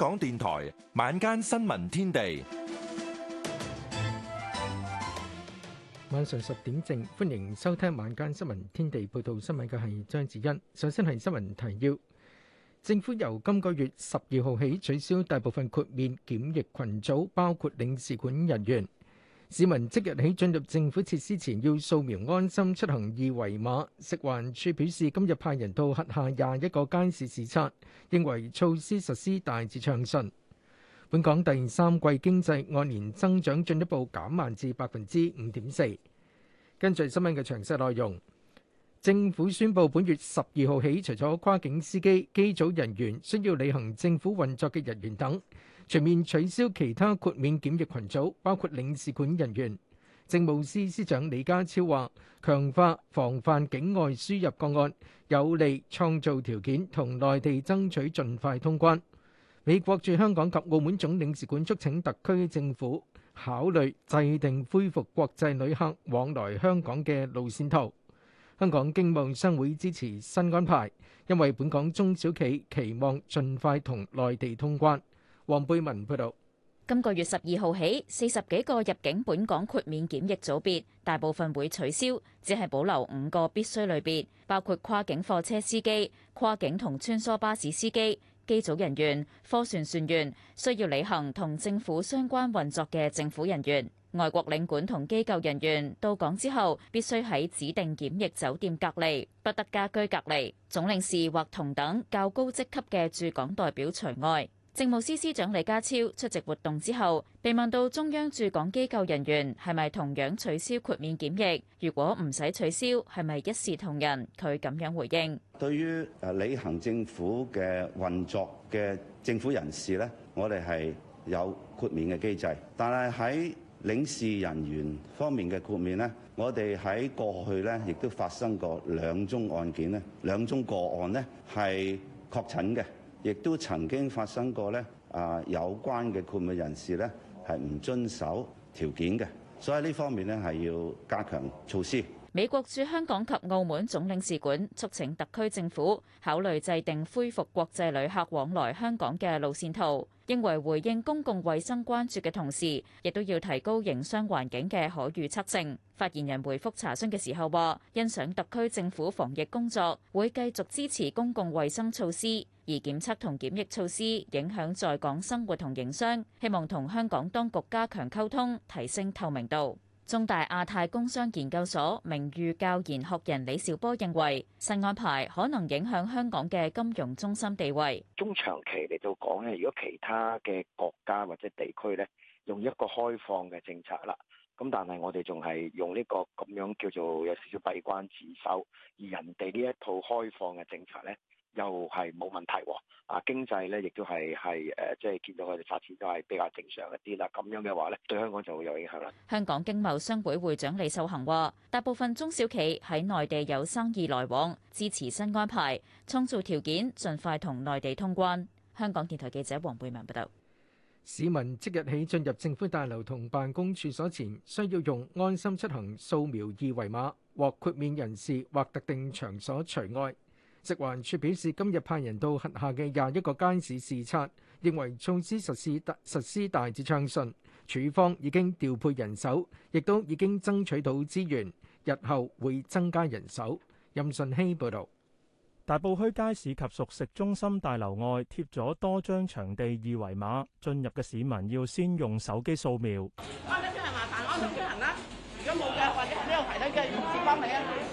港電台晚間新聞天地，晚上十點正，歡迎收聽晚間新聞天地，報道新聞嘅係張子欣。首先係新聞提要：政府由今個月十二號起取消大部分豁免檢疫群組，包括領事館人員。市民即日起進入政府設施前要掃描安心出行二維碼。食環署表示，今日派人到轄下廿一個街市視察，認為措施實施大致暢順。本港第三季經濟按年增長進一步減慢至百分之五點四。根據新聞嘅詳細內容，政府宣布本月十二號起，除咗跨境司機、機組人員、需要履行政府運作嘅人員等，全面取消其他豁免檢疫群組，包括領事館人員。政務司司長李家超話，強化防範境外輸入個案，有利創造條件同內地爭取盡快通關。美國駐香港及澳門總領事館促請特區政府考慮制定恢復國際旅客往來香港嘅路線圖。香港經貿商會支持新安排，因為本港中小企期望盡快同內地通關。黃貝文報道：今個月十二號起，四十幾個入境本港豁免檢疫組別，大部分會取消，只係保留五個必須類別，包括跨境貨車司機、跨境同穿梭巴士司機、機組人員、貨船船員，需要履行同政府相關運作嘅政府人員、外國領館同機構人員到港之後，必須喺指定檢疫酒店隔離，不得家居隔離。總領事或同等較高職級嘅駐港代表除外。政務司司長李家超出席活動之後，被問到中央駐港機構人員係咪同樣取消豁免檢疫？如果唔使取消，係咪一視同仁？佢咁樣回應：對於誒，履行政府嘅運作嘅政府人士咧，我哋係有豁免嘅機制，但係喺領事人員方面嘅豁免咧，我哋喺過去咧亦都發生過兩宗案件咧，兩宗個案咧係確診嘅。亦都曾經發生過咧，啊，有關嘅豁免人士咧係唔遵守條件嘅，所以呢方面咧係要加強措施。美國駐香港及澳門總領事館促請特區政府考慮制定恢復國際旅客往來香港嘅路線圖，認為回應公共衛生關注嘅同時，亦都要提高營商環境嘅可預測性。發言人回覆查詢嘅時候話，欣賞特區政府防疫工作，會繼續支持公共衛生措施。而檢測同檢疫措施影響在港生活同營商，希望同香港當局加強溝通，提升透明度。中大亞太工商研究所名譽教研學人李兆波認為，新安排可能影響香港嘅金融中心地位。中長期嚟到講咧，如果其他嘅國家或者地區咧，用一個開放嘅政策啦，咁但係我哋仲係用呢個咁樣叫做有少少閉關自守，而人哋呢一套開放嘅政策咧。又係冇問題喎，啊經濟咧，亦都係係誒，即係見到佢哋發展都係比較正常一啲啦。咁樣嘅話咧，對香港就會有影響啦。香港經貿商會會長李秀恒話：大部分中小企喺內地有生意來往，支持新安排，創造條件，盡快同內地通關。香港電台記者黃貝文報道。市民即日起進入政府大樓同辦公處所前，需要用安心出行掃描二維碼，獲豁免人士或特定場所除外。食環署表示，今日派人到轄下嘅廿一個街市視察，認為措施實施大實施大致暢順，署方已經調配人手，亦都已經爭取到資源，日後會增加人手。任順希報道。大埔墟街市及熟食中心大樓外貼咗多張場地二維碼，進入嘅市民要先用手機掃描。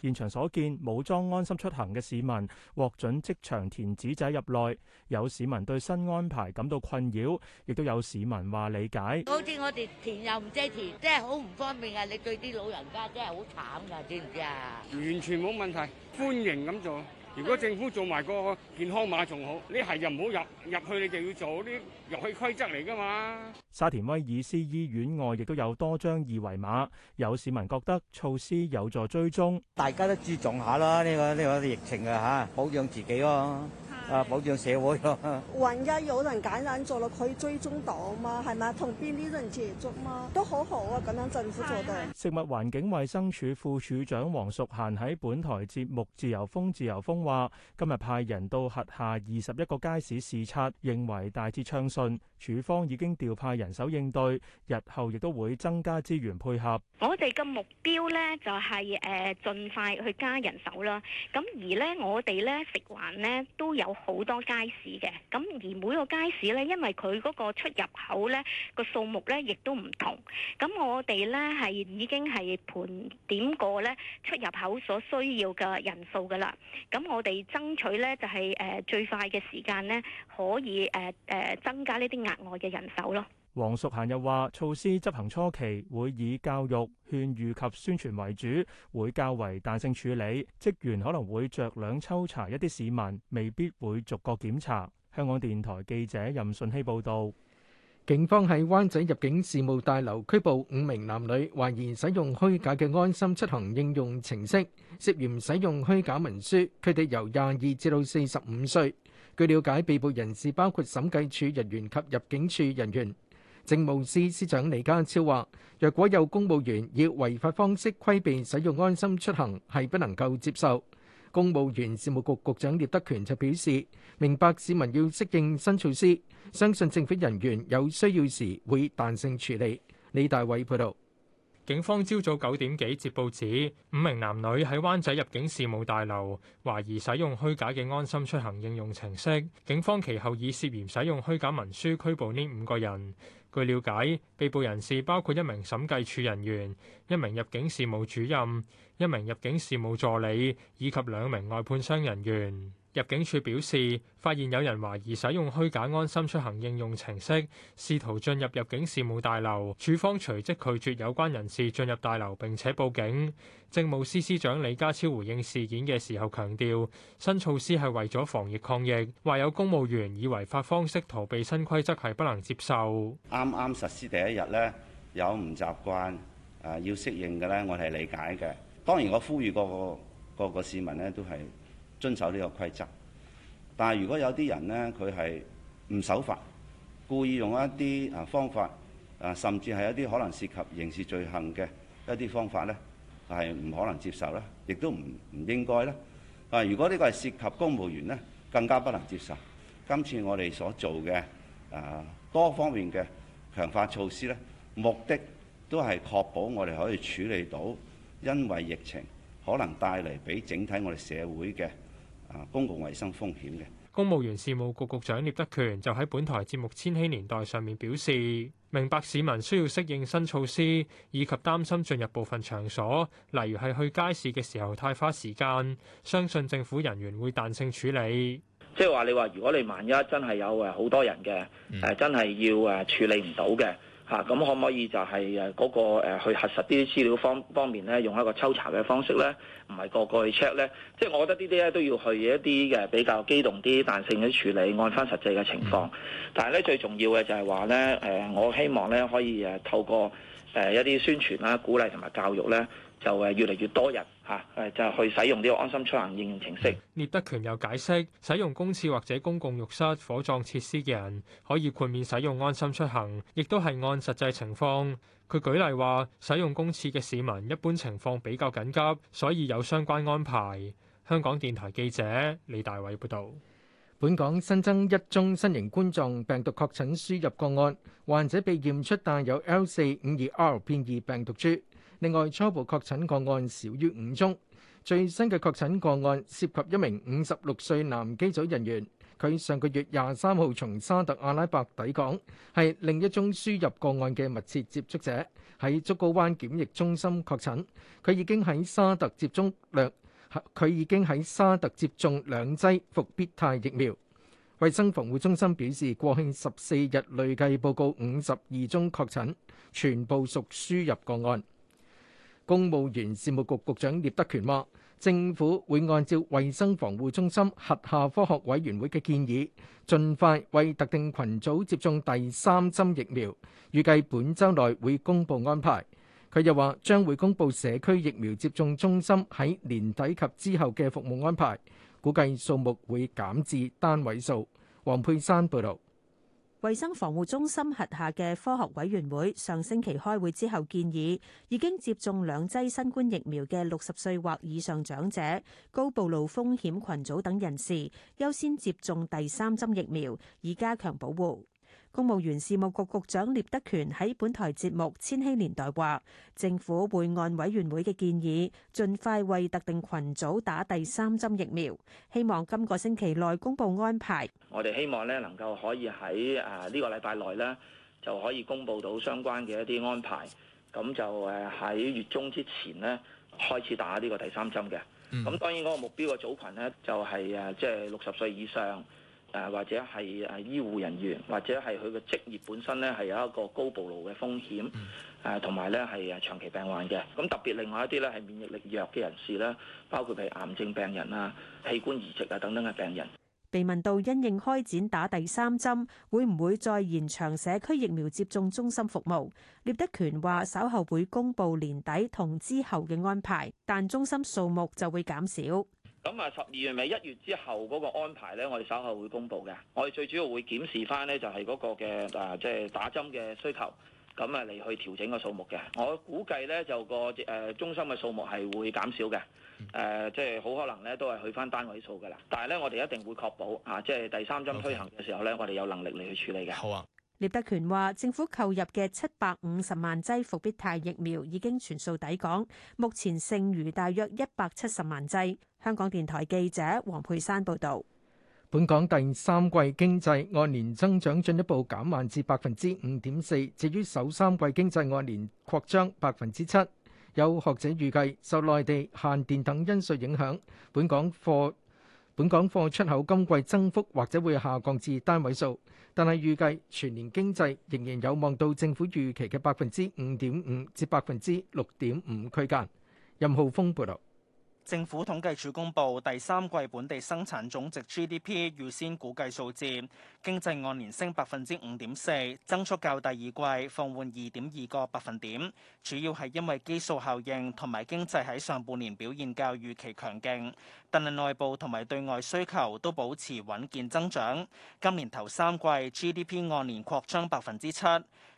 現場所見，冇裝安心出行嘅市民獲准即場填紙仔入內，有市民對新安排感到困擾，亦都有市民話理解。好似我哋填又唔知填，真係好唔方便噶。你對啲老人家真係好慘噶，知唔知啊？完全冇問題，歡迎咁做。如果政府做埋個健康碼仲好，你係又唔好入入去，你就要做啲遊戲規則嚟㗎嘛。沙田威爾斯醫院外亦都有多張二維碼，有市民覺得措施有助追蹤，大家都注重下啦。呢、呢個呢、呢個疫情啊嚇，保養自己喎、啊。啊！保障社會咯。萬一有人感染咗落可追蹤到嘛？係咪同邊啲人接觸嘛？都好好啊！咁樣政府做得。食物環境衞生署副署長黃淑嫻喺本台節目《自由風自由風》話：今日派人到轄下二十一個街市視察，認為大致暢順。署方已經調派人手應對，日後亦都會增加資源配合。我哋嘅目標呢，就係、是、誒、呃、盡快去加人手啦。咁而呢，我哋呢食環呢，都有。好多街市嘅，咁而每個街市咧，因為佢嗰個出入口咧個數目咧亦都唔同，咁我哋咧係已經係盤點過咧出入口所需要嘅人數噶啦，咁我哋爭取咧就係誒最快嘅時間咧可以誒誒增加呢啲額外嘅人手咯。黃淑嫻又話：措施執行初期會以教育、勸喻及宣傳為主，會較為彈性處理。職員可能會著兩抽查一啲市民，未必會逐個檢查。香港電台記者任信希報導。警方喺灣仔入境事務大樓拘捕五名男女，懷疑使用虛假嘅安心出行應用程式，涉嫌使用虛假文書。佢哋由廿二至到四十五歲。據了解，被捕人士包括審計處人員及入境處人員。政務司司長李家超話，若果有公務員以違法方式規避使用安心出行，係不能夠接受。公務員事務局局長聶德權就表示，明白市民要適應新措施，相信政府人員有需要時會彈性處理。李大偉報道。警方朝早九點幾接報指，五名男女喺灣仔入境事務大樓懷疑使用虛假嘅安心出行應用程式，警方其後以涉嫌使用虛假文書拘捕呢五個人。據了解，被捕人士包括一名審計處人員、一名入境事務主任、一名入境事務助理以及兩名外判商人員。入境處表示，發現有人懷疑使用虛假安心出行應用程式，試圖進入入境事務大樓。處方隨即拒絕有關人士進入大樓，並且報警。政務司司長李家超回應事件嘅時候強調，新措施係為咗防疫抗疫，話有公務員以違法方式逃避新規則係不能接受。啱啱實施第一日呢，有唔習慣啊，要適應嘅呢，我係理解嘅。當然，我呼籲個個個市民呢都係。遵守呢個規則，但係如果有啲人呢，佢係唔守法，故意用一啲啊方法啊，甚至係一啲可能涉及刑事罪行嘅一啲方法呢，係唔可能接受啦，亦都唔唔應該啦。啊，如果呢個係涉及公務員呢，更加不能接受。今次我哋所做嘅啊多方面嘅強化措施呢，目的都係確保我哋可以處理到因為疫情可能帶嚟俾整體我哋社會嘅公共衛生風險嘅。公務員事務局局長聶德權就喺本台節目《千禧年代》上面表示，明白市民需要適應新措施，以及擔心進入部分場所，例如係去街市嘅時候太花時間。相信政府人員會彈性處理，即係話你話，如果你萬一真係有誒好多人嘅誒，真係要誒處理唔到嘅。嚇咁可唔可以就係誒，嗰個誒去核實啲資料方方面咧，用一個抽查嘅方式咧，唔係個個去 check 咧。即係我覺得呢啲咧都要去一啲嘅比較機動啲彈性嘅處理，按翻實際嘅情況。但係咧最重要嘅就係話咧，誒我希望咧可以誒透過誒一啲宣傳啦、鼓勵同埋教育咧。就誒越嚟越多人嚇誒，就去使用呢個安心出行應用程式。聶德權又解釋，使用公廁或者公共浴室、火葬設施嘅人，可以豁免使用安心出行，亦都係按實際情況。佢舉例話，使用公廁嘅市民一般情況比較緊急，所以有相關安排。香港電台記者李大偉報導。本港新增一宗新型冠狀病毒確診輸入個案，患者被驗出帶有 L 四五二 R 變異病毒株。另外，初步確診個案少於五宗。最新嘅確診個案涉及一名五十六歲男機組人員，佢上個月廿三號從沙特阿拉伯抵港，係另一宗輸入個案嘅密切接觸者，喺竹篙灣檢疫中心確診，佢已經喺沙特接種兩，佢已經喺沙特接種兩劑復必泰疫苗。衛生防護中心表示，國慶十四日累計報告五十二宗確診，全部屬輸入個案。公務員事務局局長聶德權話，政府會按照衛生防護中心轄下科學委員會嘅建議，盡快為特定群組接種第三針疫苗，預計本周內會公布安排。佢又話，將會公布社區疫苗接種中心喺年底及之後嘅服務安排，估計數目會減至單位數。黃佩珊報道。衛生防護中心轄下嘅科學委員會上星期開會之後建議，已經接種兩劑新冠疫苗嘅六十歲或以上長者、高暴露風險群組等人士，優先接種第三針疫苗，以加強保護。公務員事務局局長聶德權喺本台節目《千禧年代》話，政府會按委員會嘅建議，盡快為特定群組打第三針疫苗，希望今個星期內公布安排。我哋希望咧，能夠可以喺誒呢個禮拜內咧，就可以公布到相關嘅一啲安排，咁就誒喺月中之前咧開始打呢個第三針嘅。咁當然嗰個目標嘅組群咧，就係誒即係六十歲以上。誒或者係誒醫護人員，或者係佢嘅職業本身咧，係有一個高暴露嘅風險，誒同埋咧係誒長期病患嘅。咁特別另外一啲咧係免疫力弱嘅人士啦，包括係癌症病人啊、器官移植啊等等嘅病人。被問到因應開展打第三針，會唔會再延長社區疫苗接種中心服務？聶德權話：稍後會公布年底同之後嘅安排，但中心數目就會減少。咁啊，十二月尾一月之後嗰個安排咧，我哋稍後會公布嘅。我哋最主要會檢視翻咧，就係嗰個嘅啊，即係打針嘅需求，咁啊嚟去調整個數目嘅。我估計咧就個誒中心嘅數目係會減少嘅，誒，即係好可能咧都係去翻單位數嘅啦。但係咧，我哋一定會確保啊，即係第三針推行嘅時候咧，我哋有能力嚟去處理嘅。Okay. 好啊。聶德權話：政府購入嘅七百五十萬劑復必泰疫苗已經全數抵港，目前剩餘大約一百七十萬劑。香港電台記者黃佩珊報道。本港第三季經濟按年增長進一步減慢至百分之五點四，至於首三季經濟按年擴張百分之七。有學者預計，受內地限電等因素影響，本港貨本港貨出口今季增幅或者會下降至單位數，但係預計全年經濟仍然有望到政府預期嘅百分之五點五至百分之六點五區間。任浩峰報導。政府統計處公布第三季本地生產總值 GDP，預先估計數字，經濟按年升百分之五點四，增速較第二季放緩二點二個百分點，主要係因為基數效應同埋經濟喺上半年表現較預期強勁，但係內部同埋對外需求都保持穩健增長。今年頭三季 GDP 按年擴張百分之七，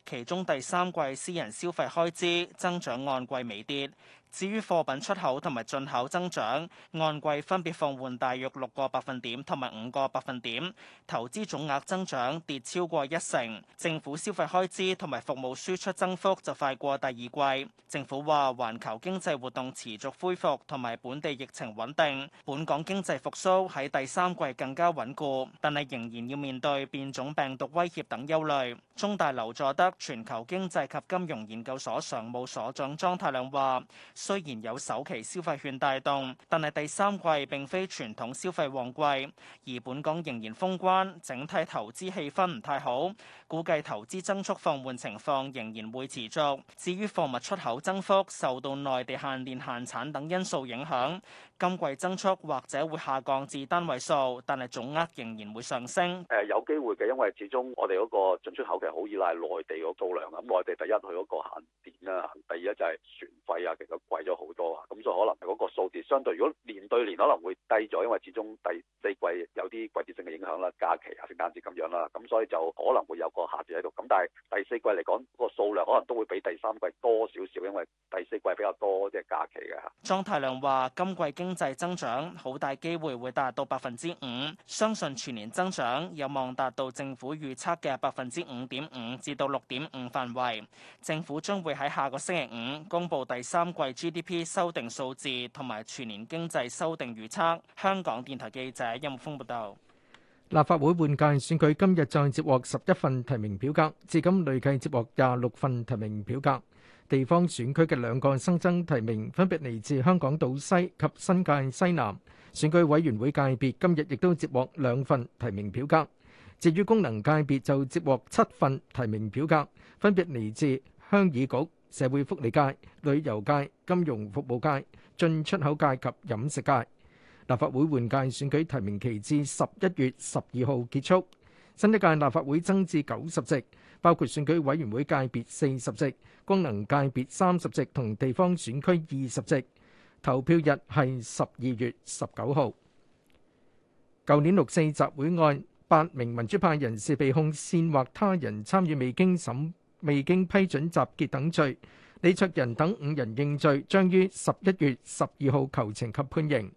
其中第三季私人消費開支增長按季微跌。至於貨品出口同埋進口增長，按季分別放緩大約六個百分點同埋五個百分點。投資總額增長跌超過一成。政府消費開支同埋服務輸出增幅就快過第二季。政府話：環球經濟活動持續恢復同埋本地疫情穩定，本港經濟復甦喺第三季更加穩固，但係仍然要面對變種病毒威脅等憂慮。中大劉佐德全球經濟及金融研究所常務所長莊太量話。雖然有首期消費券帶動，但係第三季並非傳統消費旺季，而本港仍然封關，整體投資氣氛唔太好，估計投資增速放緩情況仍然會持續。至於貨物出口增幅受到內地限電、限產等因素影響，今季增速或者會下降至單位數，但係總額仍然會上升。誒、呃，有機會嘅，因為始終我哋嗰個進出口其實好依賴內地嗰個數量咁、嗯、內地第一佢嗰個限電啦，第二就係船費啊，其實。貴咗好多啊，咁所以可能嗰個數字相對，如果年對年可能會低咗，因為始終第四季有啲季節性嘅影響啦，假期啊，聖誕節咁樣啦，咁所以就可能會有個下跌喺度。咁但係第四季嚟講，個數量可能都會比第三季多少少，因為第四季比較多即係、就是、假期嘅。莊太亮話：今季經濟增長好大機會會達到百分之五，相信全年增長有望達到政府預測嘅百分之五點五至到六點五範圍。政府將會喺下個星期五公布第三季。GDP 修訂數字同埋全年經濟修訂預測，香港電台記者音樂峯報道。立法會換屆選舉今日再接獲十一份提名表格，至今累計接獲廿六份提名表格。地方選區嘅兩個新增提名分別嚟自香港島西及新界西南。選舉委員會界別今日亦都接獲兩份提名表格。至於功能界別就接獲七份提名表格，分別嚟自鄉議局、社會福利界、旅遊界、金融服務界、進出口界及飲食界，立法會換屆選舉提名期至十一月十二號結束。新一屆立法會增至九十席，包括選舉委員會界別四十席、功能界別三十席同地方選區二十席。投票日係十二月十九號。舊年六四集會案，八名民主派人士被控煽惑他人參與未經審未經批准集結等罪，李卓人等五人認罪，將於十一月十二號求情及判刑。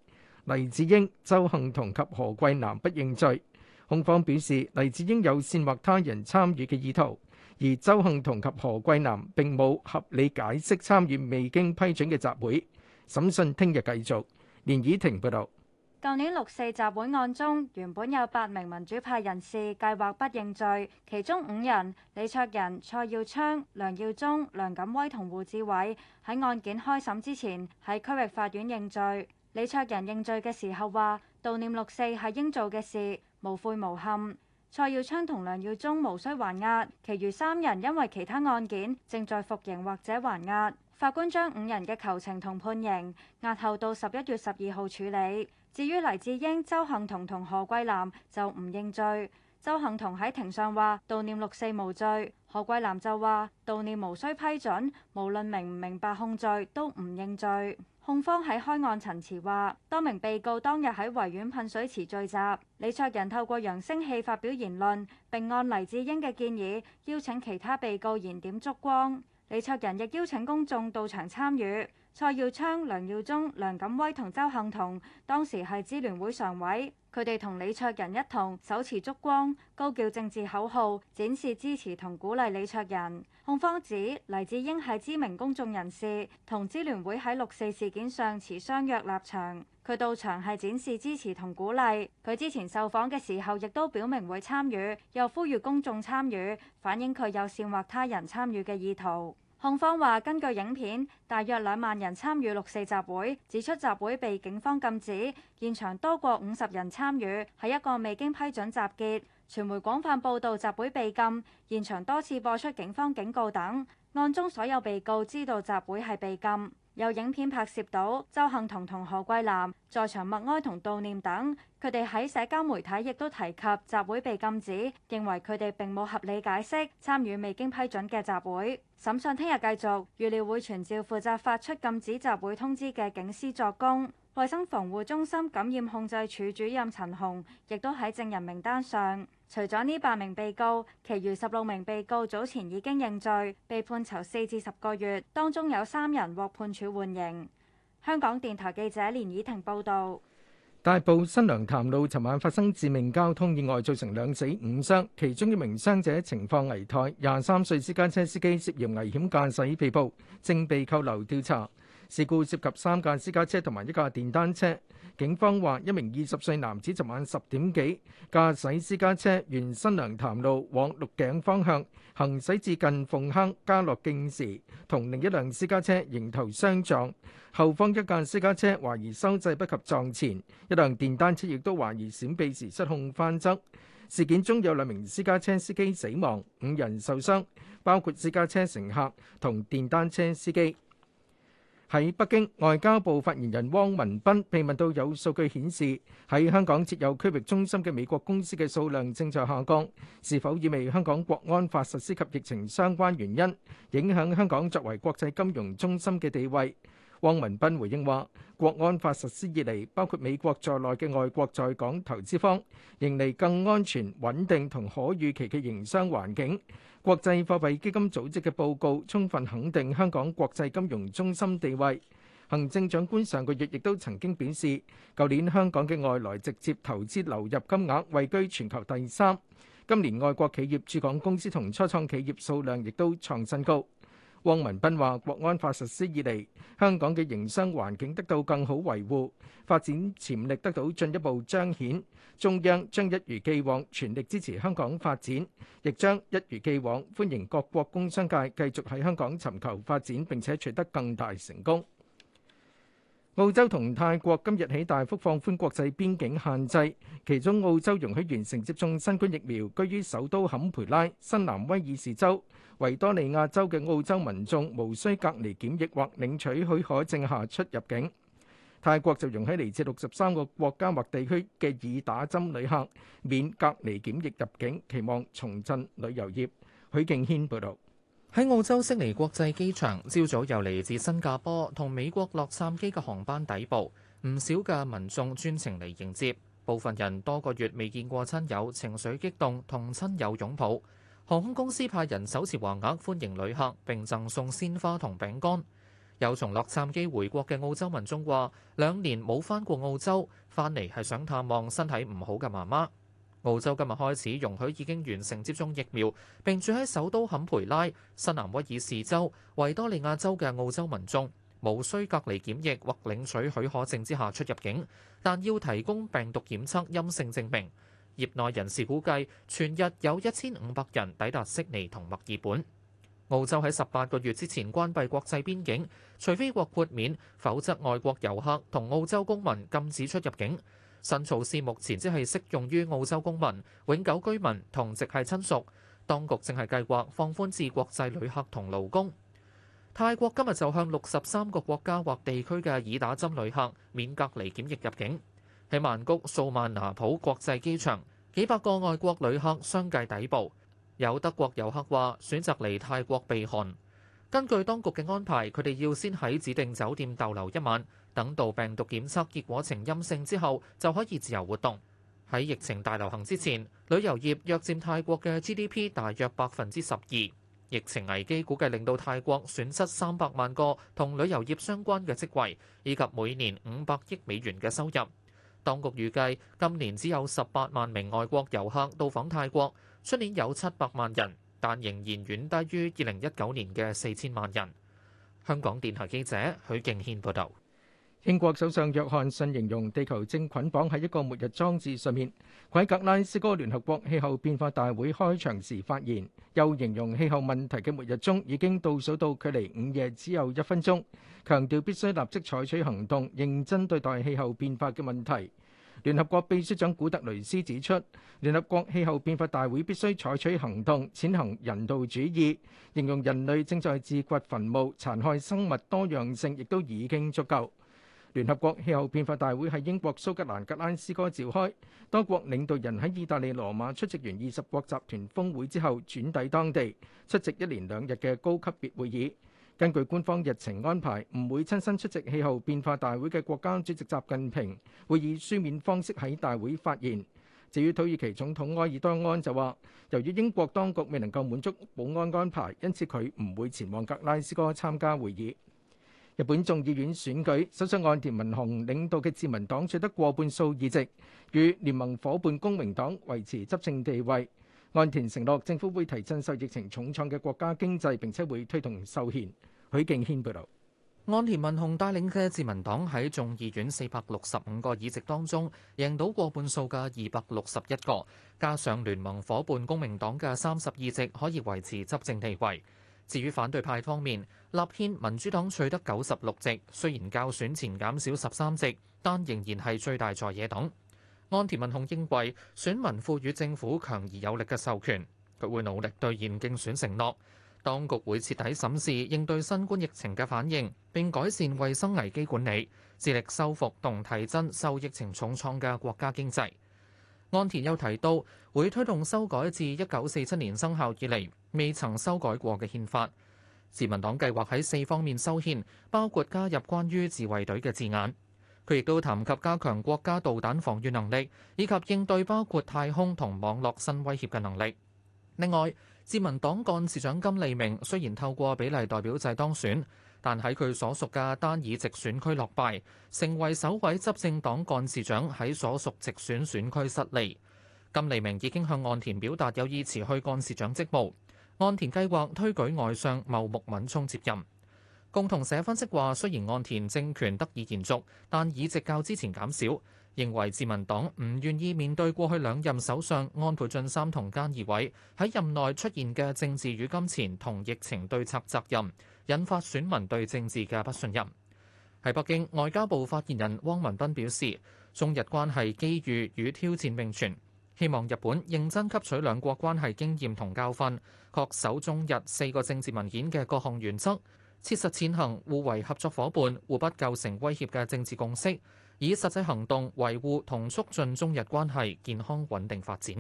黎智英、周幸彤及何桂南不認罪。控方表示黎智英有煽惑他人參與嘅意圖，而周幸彤及何桂南並冇合理解釋參與未經批准嘅集會。審訊聽日繼續。連以婷報道。舊年六四集會案中，原本有八名民主派人士計劃不認罪，其中五人李卓人、蔡耀昌、梁耀忠、梁耀忠、梁錦威同胡志偉喺案件開審之前喺區域法院認罪。李卓人認罪嘅時候話：悼念六四係應做嘅事，無悔無憾。蔡耀昌同梁耀忠無需還押，其餘三人因為其他案件正在服刑或者還押。法官將五人嘅求情同判刑押後到十一月十二號處理。至於黎智英、周幸彤同何桂南就唔認罪。周幸彤喺庭上話悼念六四無罪，何桂南就話悼念無需批准，無論明唔明白控罪都唔認罪。控方喺開案陳詞話，多名被告當日喺維園噴水池聚集，李卓人透過揚聲器發表言論，並按黎智英嘅建議邀請其他被告燃點燭光。李卓人亦邀請公眾到場參與。蔡耀昌、梁耀忠、梁錦威同周幸彤當時係支聯會常委，佢哋同李卓人一同手持燭光，高叫政治口號，展示支持同鼓勵李卓人。控方指黎智英係知名公眾人士，同支聯會喺六四事件上持相約立場，佢到場係展示支持同鼓勵。佢之前受訪嘅時候亦都表明會參與，又呼籲公眾參與，反映佢有煽惑他人參與嘅意圖。控方話：根據影片，大約兩萬人參與六四集會，指出集會被警方禁止，現場多過五十人參與，係一個未經批准集結。傳媒廣泛報導集會被禁，現場多次播出警方警告等。案中所有被告知道集會係被禁。有影片拍攝到周幸彤同何桂南在場默哀同悼念等，佢哋喺社交媒體亦都提及集會被禁止，認為佢哋並冇合理解釋參與未經批准嘅集會。審訊聽日繼續，預料會傳召負責發出禁止集會通知嘅警司作供。衛生防護中心感染控制處主任陳紅亦都喺證人名單上。除咗呢八名被告，其餘十六名被告早前已經認罪，被判囚四至十個月，當中有三人獲判處緩刑。香港電台記者連以婷報道。大埔新娘潭路尋晚發生致命交通意外，造成兩死五傷，其中一名傷者情況危殆。廿三歲私家車司機涉嫌危險駕駛被捕，正被扣留調查。事故涉及三架私家車同埋一架電單車。警方話，一名二十歲男子昨晚十點幾駕駛私家車沿新娘潭路往鹿頸方向行駛至近鳳坑加樂徑時，同另一輛私家車迎頭相撞。後方一架私家車懷疑收掣不及，撞前一輛電單車亦都懷疑閃避時失控翻側。事件中有兩名私家車司機死亡，五人受傷，包括私家車乘客同電單車司機。喺北京，外交部發言人汪文斌被問到有數據顯示，喺香港設有區域中心嘅美國公司嘅數量正在下降，是否意味香港國安法實施及疫情相關原因影響香港作為國際金融中心嘅地位？汪文斌回應話，國安法實施以嚟，包括美國在內嘅外國在港投資方，迎嚟更安全、穩定同可預期嘅營商環境。國際貨幣基金組織嘅報告充分肯定香港國際金融中心地位。行政長官上個月亦都曾經表示，舊年香港嘅外來直接投資流入金額位居全球第三，今年外國企業駐港公司同初創企業數量亦都創新高。汪文斌話：國安法實施以嚟，香港嘅營商環境得到更好維護，發展潛力得到進一步彰顯。中央將一如既往全力支持香港發展，亦將一如既往歡迎各國工商界繼續喺香港尋求發展，並且取得更大成功。澳洲同泰國今日起大幅放寬國際邊境限制，其中澳洲容許完成接種新冠疫苗居於首都坎培拉、新南威爾士州、維多利亞州嘅澳洲民眾無需隔離檢疫或領取許可證下出入境。泰國就容許嚟自六十三個國家或地區嘅已打針旅客免隔離檢疫入境，期望重振旅遊業。許敬軒報導。喺澳洲悉尼國際機場，朝早又嚟自新加坡同美國洛杉磯嘅航班抵埗，唔少嘅民眾專程嚟迎接，部分人多個月未見過親友，情緒激動，同親友擁抱。航空公司派人手持橫額歡迎旅客並贈送鮮花同餅乾。有從洛杉磯回國嘅澳洲民眾話,兩年冇返過澳洲,返嚟係想探望身體唔好嘅媽媽。澳洲今日開始,容許已經完成接種疫苗,並住喺首都坎培拉,新南威爾士州,維多利亞州嘅澳洲民眾,無需隔離檢疫或領取許可證之下出入境,但要提供病毒檢測陰性證明。業內人士估計，全日有一千五百人抵達悉尼同墨爾本。澳洲喺十八個月之前關閉國際邊境，除非獲豁免，否則外國遊客同澳洲公民禁止出入境。新措施目前只係適用於澳洲公民、永久居民同直系親屬。當局正係計劃放寬至國際旅客同勞工。泰國今日就向六十三個國家或地區嘅已打針旅客免隔離檢疫入境。喺曼谷素萬拿普國際機場，幾百個外國旅客相繼抵步。有德國遊客話：選擇嚟泰國避寒。根據當局嘅安排，佢哋要先喺指定酒店逗留一晚，等到病毒檢測結果呈陰性之後，就可以自由活動。喺疫情大流行之前，旅遊業約佔泰國嘅 GDP 大約百分之十二。疫情危機估計令到泰國損失三百萬個同旅遊業相關嘅職位，以及每年五百億美元嘅收入。當局預計今年只有十八萬名外國遊客到訪泰國，出年有七百萬人，但仍然遠低於二零一九年嘅四千萬人。香港電台記者許敬軒報導。英國首相約翰遜形容地球正捆綁喺一個末日裝置上面。佢喺格拉斯哥聯合國氣候變化大會開場時發言，又形容氣候問題嘅末日鐘已經倒數到距離午夜只有一分鐘，強調必須立即採取行動，認真對待氣候變化嘅問題。聯合國秘書長古特雷斯指出，聯合國氣候變化大會必須採取行動，踐行人道主義，形容人類正在自掘墳墓，殘害生物多樣性，亦都已經足夠。聯合國氣候變化大會喺英國蘇格蘭格拉斯哥召開，多國領導人喺意大利羅馬出席完二十國集團峰會之後轉抵當地，出席一連兩日嘅高級別會議。根據官方日程安排，唔會親身出席氣候變化大會嘅國家主席習近平會以書面方式喺大會發言。至於土耳其總統埃爾多安就話，由於英國當局未能夠滿足保安安排，因此佢唔會前往格拉斯哥參加會議。日本眾議院選舉，首相岸田文雄領導嘅自民黨取得過半數議席，與聯盟夥伴公明黨維持執政地位。岸田承諾政府會提振受疫情重創嘅國家經濟，並且會推動修憲。許敬軒報導，岸田文雄帶領嘅自民黨喺眾議院四百六十五個議席當中，贏到過半數嘅二百六十一個，加上聯盟夥伴公明黨嘅三十二議席，可以維持執政地位。至於反對派方面，立憲民主黨取得九十六席，雖然較選前減少十三席，但仍然係最大在野黨。岸田文雄認為選民賦予政府強而有力嘅授權，佢會努力兌現競選承諾，當局會徹底審視應對新冠疫情嘅反應，並改善衛生危機管理，致力修復同提振受疫情重創嘅國家經濟。安田又提到，會推動修改自一九四七年生效以嚟未曾修改過嘅憲法。自民黨計劃喺四方面修憲，包括加入關於自衛隊嘅字眼。佢亦都談及加強國家導彈防禦能力，以及應對包括太空同網絡新威脅嘅能力。另外，自民黨幹事長金利明雖然透過比例代表制當選。但喺佢所屬嘅單議席選區落敗，成為首位執政黨幹事長喺所屬直選選區失利。甘利明已經向岸田表達有意辭去幹事長職務，岸田計劃推舉外相茂木敏充接任。共同社分析話，雖然岸田政權得以延續，但議席較之前減少。認為自民黨唔願意面對過去兩任首相安倍晉三同菅義偉喺任內出現嘅政治與金錢同疫情對策責任，引發選民對政治嘅不信任。喺北京，外交部發言人汪文斌表示，中日關係機遇與挑戰並存，希望日本認真吸取兩國關係經驗同教訓，確守中日四個政治文件嘅各項原則，切實踐行互為合作伙伴、互不構成威脅嘅政治共識。以實際行動維護同促進中日關係健康穩定發展。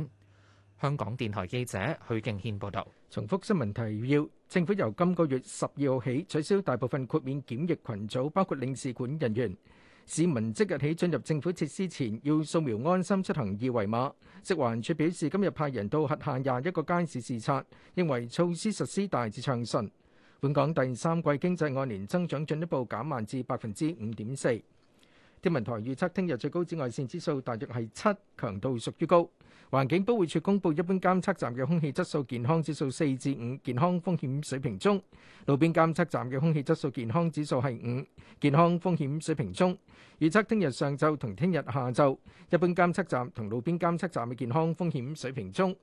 香港電台記者許敬軒報道，重複新聞提要：政府由今個月十二號起取消大部分豁免檢疫群組，包括領事館人員。市民即日起進入政府設施前要掃描安心出行二維碼。食環署表示，今日派人到轄下廿一個街市視察，認為措施實施大致暢順。本港第三季經濟按年增長進一步減慢至百分之五點四。天文台預測聽日最高紫外線指數大約係七，強度屬於高。環境保護署公布一般監測站嘅空氣質素健康指數四至五，健康風險水平中；路邊監測站嘅空氣質素健康指數係五，健康風險水平中。預測聽日上晝同聽日下晝，一般監測站同路邊監測站嘅健康風險水平中。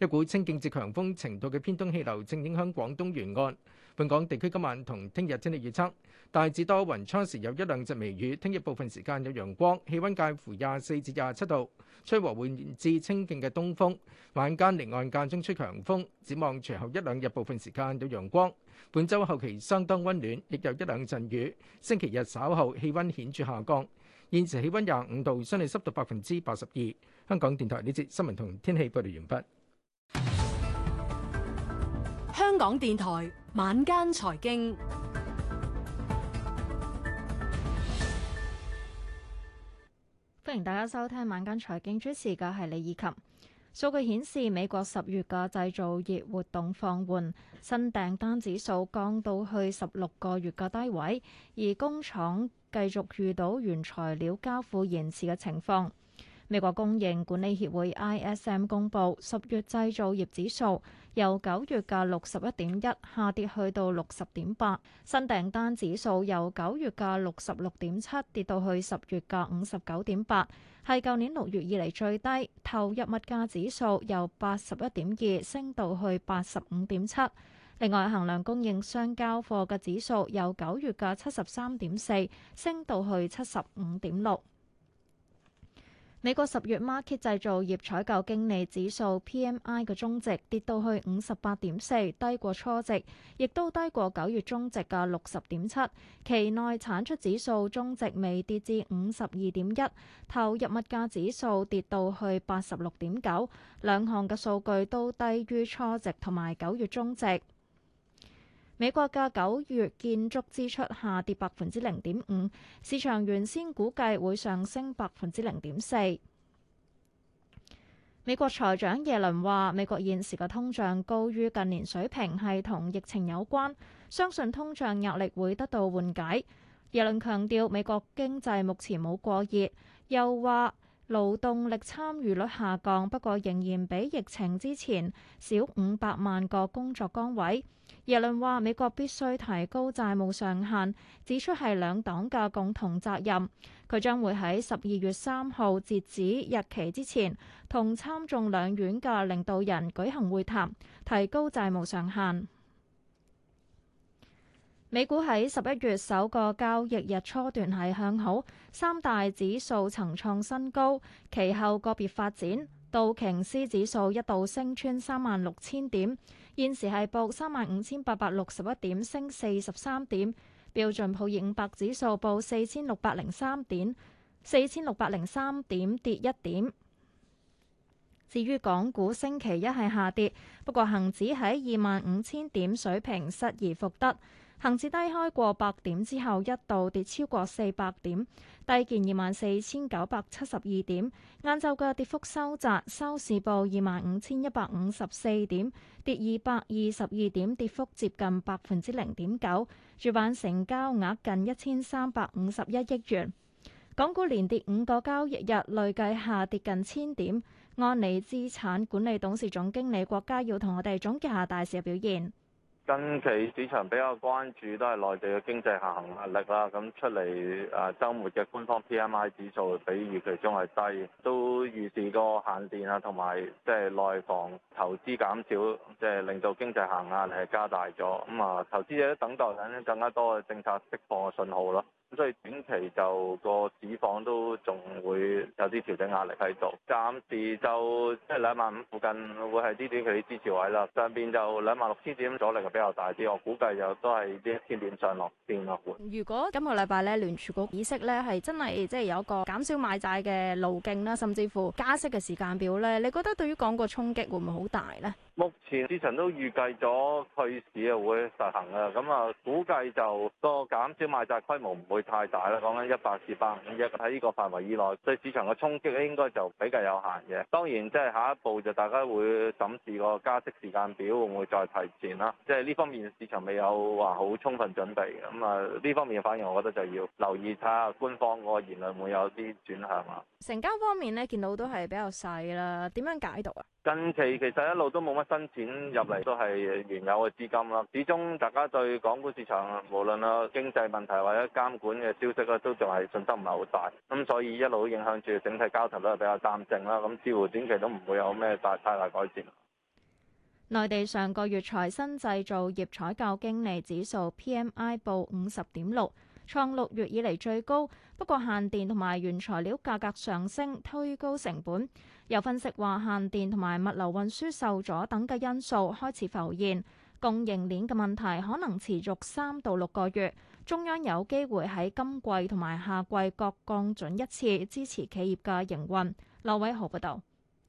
一股清勁至強風程度嘅偏東氣流正影響廣東沿岸。本港地區今晚同聽日天氣預測，大致多雲，初時有一兩陣微雨。聽日部分時間有陽光，氣温介乎廿四至廿七度，吹和緩至清勁嘅東風。晚間離岸間中吹強風。展望隨後一兩日部分時間有陽光。本週後期相當温暖，亦有一兩陣雨。星期日稍後氣温顯著下降。現時氣温廿五度，相對濕度百分之八十二。香港電台呢節新聞同天氣報道完畢。香港電台晚間財經，歡迎大家收聽晚間財經。主持嘅係李以琴。數據顯示，美國十月嘅製造業活動放緩，新訂單指數降到去十六個月嘅低位，而工廠繼續遇到原材料交付延遲嘅情況。美國供應管理協會 ISM 公佈，十月製造業指數由九月嘅六十一點一下跌去到六十點八，新訂單指數由九月嘅六十六點七跌到去十月嘅五十九點八，係舊年六月以嚟最低。投入物價指數由八十一點二升到去八十五點七。另外，衡量供應商交貨嘅指數由九月嘅七十三點四升到去七十五點六。美國十月 market 製造業採購經理指數 PMI 嘅終值跌到去五十八點四，低過初值，亦都低過九月終值嘅六十點七。期內產出指數終值未跌至五十二點一，投入物價指數跌到去八十六點九，兩項嘅數據都低於初值同埋九月終值。美國嘅九月建築支出下跌百分之零點五，市場原先估計會上升百分之零點四。美國財長耶倫話：美國現時嘅通脹高於近年水平，係同疫情有關，相信通脹壓力會得到緩解。耶倫強調美國經濟目前冇過熱，又話，勞動力參與率下降，不過仍然比疫情之前少五百萬個工作崗位。耶倫話美國必須提高債務上限，指出係兩黨嘅共同責任。佢將會喺十二月三號截止日期之前，同參眾兩院嘅領導人舉行會談，提高債務上限。美股喺十一月首個交易日初段係向好，三大指數曾創新高。其後個別發展，道瓊斯指數一度升穿三萬六千點，現時係報三萬五千八百六十一點，升四十三點。標準普爾五百指數報四千六百零三點，四千六百零三點跌一點。至於港股，星期一係下跌，不過恆指喺二萬五千點水平失而復得。恒指低開過百點之後，一度跌超過四百點，低見二萬四千九百七十二點。晏晝嘅跌幅收窄，收市報二萬五千一百五十四點，跌二百二十二點，跌幅接近百分之零點九。主板成交額近一千三百五十一億元。港股連跌五個交易日，累計下跌近千點。安利資產管理董事總經理郭家耀同我哋總結下大市表現。近期市場比較關注都係內地嘅經濟下行壓力啦。咁出嚟誒週末嘅官方 PMI 指數比預期中係低，都預示個限電啊同埋即係內房投資減少，即係令到經濟下行壓力係加大咗。咁啊，投資者都等待緊更加多嘅政策釋放嘅信號咯。所以短期就個市況都仲會有啲調整壓力喺度，暫時就即係兩萬五附近會係啲短期支持位啦。上邊就兩萬六千點阻力就比較大啲，我估計又都係啲千點上落先咯。如果今個禮拜咧，聯儲局議息咧係真係即係有一個減少買債嘅路徑啦，甚至乎加息嘅時間表咧，你覺得對於港股衝擊會唔會好大咧？目前市場都預計咗退市啊會實行啊，咁啊估計就多個減少賣債規模唔會太大啦，講緊一百至百五，億喺呢個範圍以內，對市場嘅衝擊咧應該就比較有限嘅。當然即係、就是、下一步就大家會審視個加息時間表會唔會再提前啦，即係呢方面市場未有話好充分準備，咁啊呢方面反應我覺得就要留意睇下官方嗰個言論會有啲轉向啊。成交方面咧見到都係比較細啦，點樣解讀啊？近期其實一路都冇乜。新錢入嚟都係原有嘅資金啦。始終大家對港股市場，無論啊經濟問題或者監管嘅消息咧，都仲係信心唔係好大。咁所以一路影響住整體交投都係比較淡靜啦。咁似乎短期都唔會有咩大太大改善。內地上個月財新製造業採購經理指數 PMI 報五十點六，創六月以嚟最高。不過限電同埋原材料價格上升，推高成本。有分析話，限電同埋物流運輸受阻等嘅因素開始浮現，供應鏈嘅問題可能持續三到六個月。中央有機會喺今季同埋下季各降準一次，支持企業嘅營運。劉偉豪報導。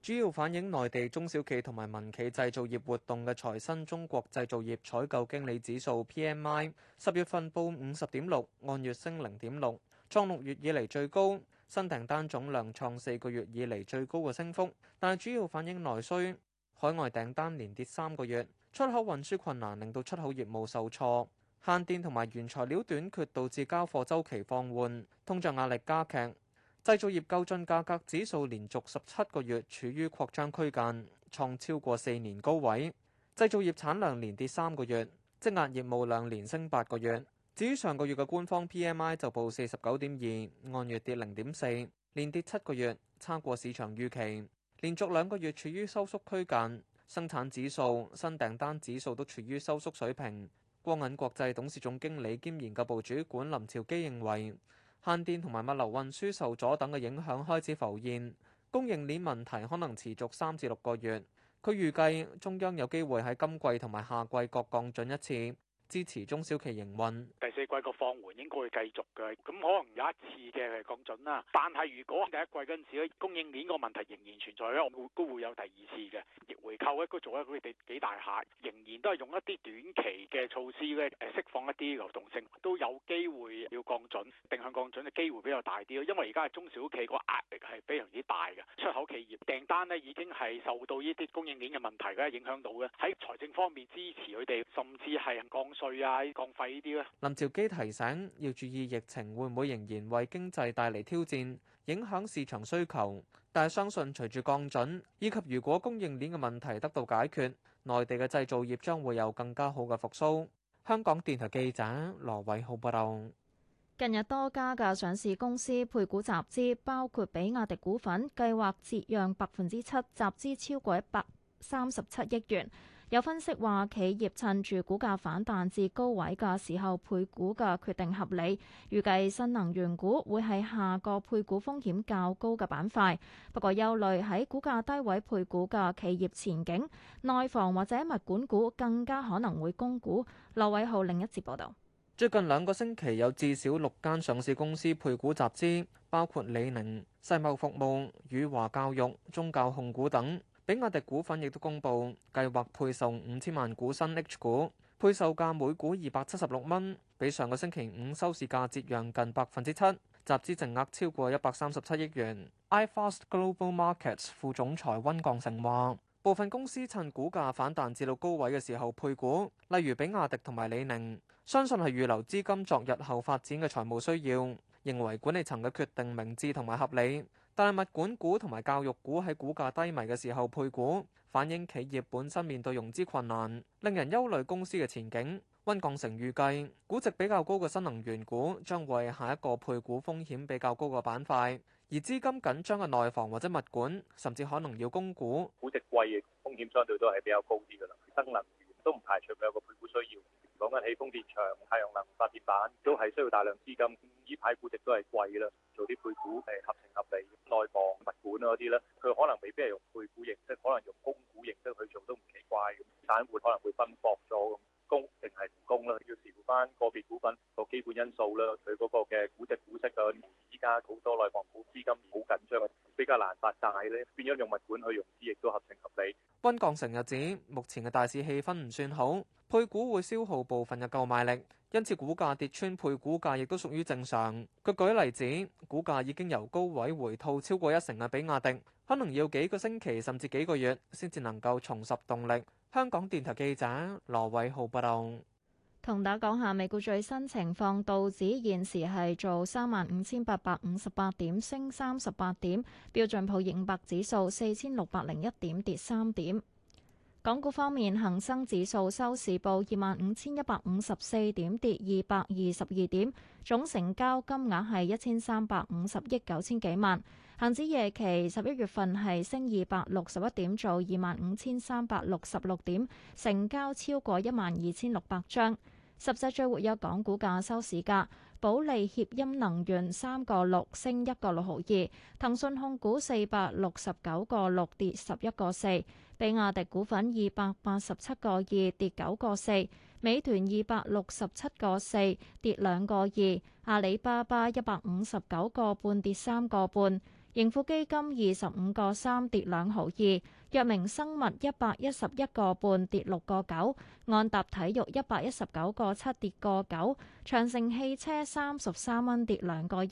主要反映內地中小企同埋民企製造業活動嘅財新中國製造業採購經理指數 PMI，十月份報五十點六，按月升零點六，創六月以嚟最高。新訂單總量創四個月以來最高嘅升幅，但係主要反映內需。海外訂單連跌三個月，出口運輸困難令到出口業務受挫。限電同埋原材料短缺導致交貨週期放緩，通脹壓力加劇。製造業購進價格指數連續十七個月處於擴張區間，創超過四年高位。製造業產量連跌三個月，積壓業務量連升八個月。至於上個月嘅官方 P.M.I 就報四十九點二，按月跌零點四，連跌七個月，差過市場預期，連續兩個月處於收縮區間，生產指數、新訂單指數都處於收縮水平。光銀國際董事總經理兼研究部主管林朝基認為，限電同埋物流運輸受阻等嘅影響開始浮現，供應鏈問題可能持續三至六個月。佢預計中央有機會喺今季同埋下季各降準一次。支持中小企營運，第四季個放緩應該會繼續嘅，咁可能有一次嘅降準啦。但係如果第一季嗰陣時咧，供應鏈個問題仍然存在咧，我會都會有第二次嘅逆回購，亦都做一啲幾大下，仍然都係用一啲短期嘅措施咧，誒釋放一啲流動性，都有機會要降準，定向降準嘅機會比較大啲咯。因為而家係中小企個壓力係非常之大嘅，出口企業訂單咧已經係受到呢啲供應鏈嘅問題咧影響到嘅，喺財政方面支持佢哋，甚至係降。稅啊，降費呢啲啊？林兆基提醒要注意疫情會唔會仍然為經濟帶嚟挑戰，影響市場需求。但係相信隨住降準，以及如果供應鏈嘅問題得到解決，內地嘅製造業將會有更加好嘅復甦。香港電台記者羅偉浩報道。近日多家嘅上市公司配股集資，包括比亞迪股份計劃折讓百分之七，集資超過一百三十七億元。有分析話，企業趁住股價反彈至高位嘅時候配股嘅決定合理。預計新能源股會係下個配股風險較高嘅板塊，不過憂慮喺股價低位配股嘅企業前景。內房或者物管股更加可能會供股。劉偉浩另一節報道：最近兩個星期有至少六間上市公司配股集資，包括李寧、世茂服務、宇華教育、中教控股等。比亞迪股份亦都公布計劃配售五千萬股新 H 股，配售價每股二百七十六蚊，比上個星期五收市價折讓近百分之七，集資淨額超過一百三十七億元。iFast Global Markets 副總裁温鋼成話：部分公司趁股價反彈至到高位嘅時候配股，例如比亞迪同埋李寧，相信係預留資金作日後發展嘅財務需要，認為管理層嘅決定明智同埋合理。但係物管股同埋教育股喺股價低迷嘅時候配股，反映企業本身面對融資困難，令人憂慮公司嘅前景。溫鋼城預計，估值比較高嘅新能源股將會下一個配股風險比較高嘅板塊，而資金緊張嘅內房或者物管，甚至可能要供股，估值貴，風險相對都係比較高啲嘅啦。新能源都唔排除佢有個配股需要。講緊起風電場、太陽能發電板都係需要大量資金，呢排估值都係貴啦。做啲配股係合情合理，內房物管嗰啲咧，佢可能未必係用配股形式，可能用供股形式去做都唔奇怪。咁散戶可能會分薄咗，咁供定係唔供啦，要視乎返個別股份個基本因素啦，佢嗰個嘅估值股息嘅。依家好多內房股資金好緊張，比較難發債咧，變咗用物管去融資亦都合情合理。溫鋼城又指，目前嘅大市氣氛唔算好，配股會消耗部分嘅購買力，因此股價跌穿配股價亦都屬於正常。佢舉例子股價已經由高位回吐超過一成嘅比亞迪，可能要幾個星期甚至幾個月先至能夠重拾動力。香港電台記者羅偉浩報道。同大家講下美國最新情況，道指現時係做三萬五千八百五十八點，升三十八點。標準普爾五百指數四千六百零一點，跌三點。港股方面，恒生指數收市報二萬五千一百五十四點，跌二百二十二點。總成交金額係一千三百五十億九千幾萬。恒指夜期十一月份係升二百六十一點，做二萬五千三百六十六點，成交超過一萬二千六百張。十隻最活躍港股價收市價，保利協鑫能源三個六升一個六毫二，騰訊控股四百六十九個六跌十一個四，比亞迪股份二百八十七個二跌九個四，美團二百六十七個四跌兩個二，阿里巴巴一百五十九個半跌三個半，盈富基金二十五個三跌兩毫二。藥明生物一百一十一個半跌六個九，安踏體育一百一十九個七跌個九，長城汽車三十三蚊跌兩個一，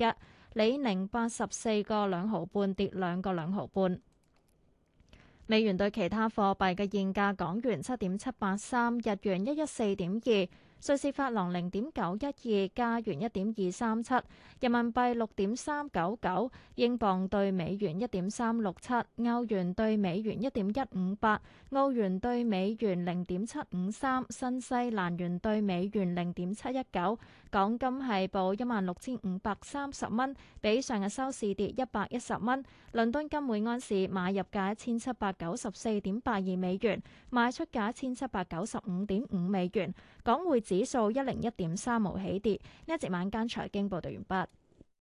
李寧八十四個兩毫半跌兩個兩毫半。美元對其他貨幣嘅現價：港元七點七八三，日元一一四點二。瑞士法郎零點九一二，加元一點二三七，人民幣六點三九九，英鎊兌美元一點三六七，歐元兌美元一點一五八，澳元兌美元零點七五三，新西蘭元兌美元零點七一九。港金係報一萬六千五百三十蚊，比上日收市跌一百一十蚊。倫敦金每安士買入價一千七百九十四點八二美元，賣出價一千七百九十五點五美元。港匯指指數一零一點三冇起跌。呢一節晚間財經報道完畢。